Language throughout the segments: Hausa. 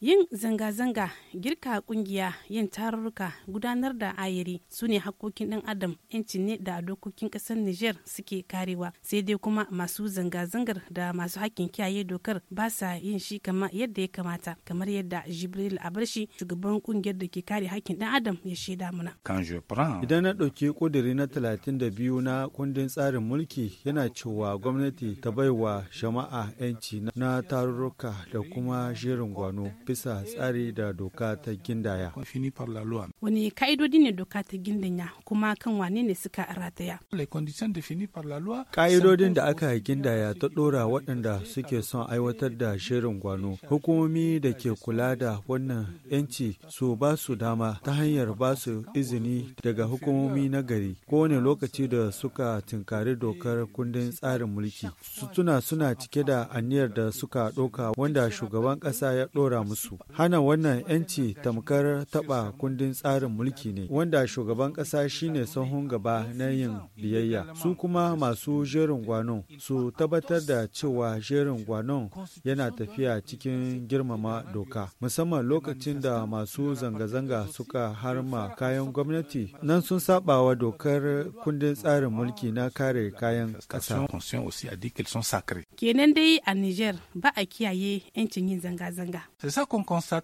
yin zanga-zanga girka kungiya yin tarurruka gudanar da ayiri su ne hakkokin ɗan adam yanci ne da dokokin ƙasar niger suke karewa sai dai kuma masu zanga-zangar da masu hakkin kiyaye dokar ba sa yin shi kama yadda ya kamata kamar yadda jibril abarshi shugaban kungiyar da ke kare hakkin ɗan adam ya shaida muna idan na ɗauki ƙudiri na talatin da biyu na kundin tsarin mulki yana cewa gwamnati ta baiwa jama'a yanci na tarurruka da kuma shirin gwano bisa tsari da doka ta gindaya. Wani ka'idodi ne doka ta gindaya kuma kan wane ne suka rataya? Ka'idodin da aka gindaya ta ɗora waɗanda suke son aiwatar da shirin gwano. Hukumomi da ke kula da wannan 'yanci su ba su dama ta hanyar ba su izini daga hukumomi na gari kowane lokaci da suka tinkari dokar kundin tsarin mulki. Su tuna suna cike da aniyar da suka ɗauka wanda shugaban ƙasa ya ɗora musu. su Hana wannan 'yanci tamkar taɓa kundin tsarin mulki ne, wanda shugaban ƙasa shine sahun gaba na yin biyayya. Su kuma masu jerin gwanon su tabbatar da cewa jerin gwanon yana tafiya cikin girmama doka, musamman lokacin da masu zanga-zanga suka harma kayan gwamnati nan sun saba dokar kundin tsarin mulki na kare kayan ƙasa. Kenan dai a Niger ba a kiyaye 'yancin yin zanga-zanga.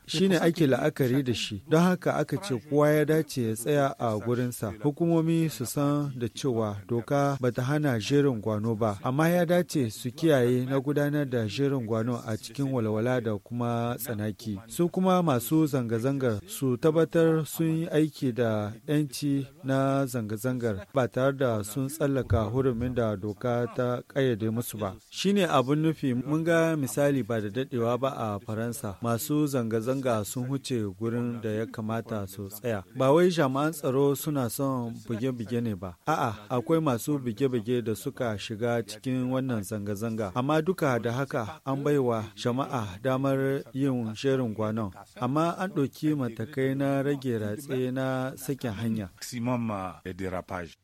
shine ake la'akari da shi don haka aka ce kowa ya dace ya tsaya a gurinsa hukumomi su san da cewa doka ba ta hana jerin gwano ba amma ya dace su kiyaye na gudanar da jerin gwano a cikin walwala da kuma tsanaki su kuma masu zanga-zangar su tabbatar sun yi aiki da 'yanci na zanga-zangar ba tare da sun tsallaka hurumin da doka ta ƙayyade musu ba shine abin nufi mun ga misali ba da dadewa ba a faransa masu masu zanga-zanga sun huce gurin da ya kamata su tsaya. Ba wai jama'an tsaro suna son buge-buge ne ba. A'a, akwai masu buge-buge da suka shiga cikin wannan zanga-zanga. Amma duka da haka an baiwa jama'a damar yin shirin gwanon. Amma an ɗauki matakai na rage ratse na sakin hanya. Eh,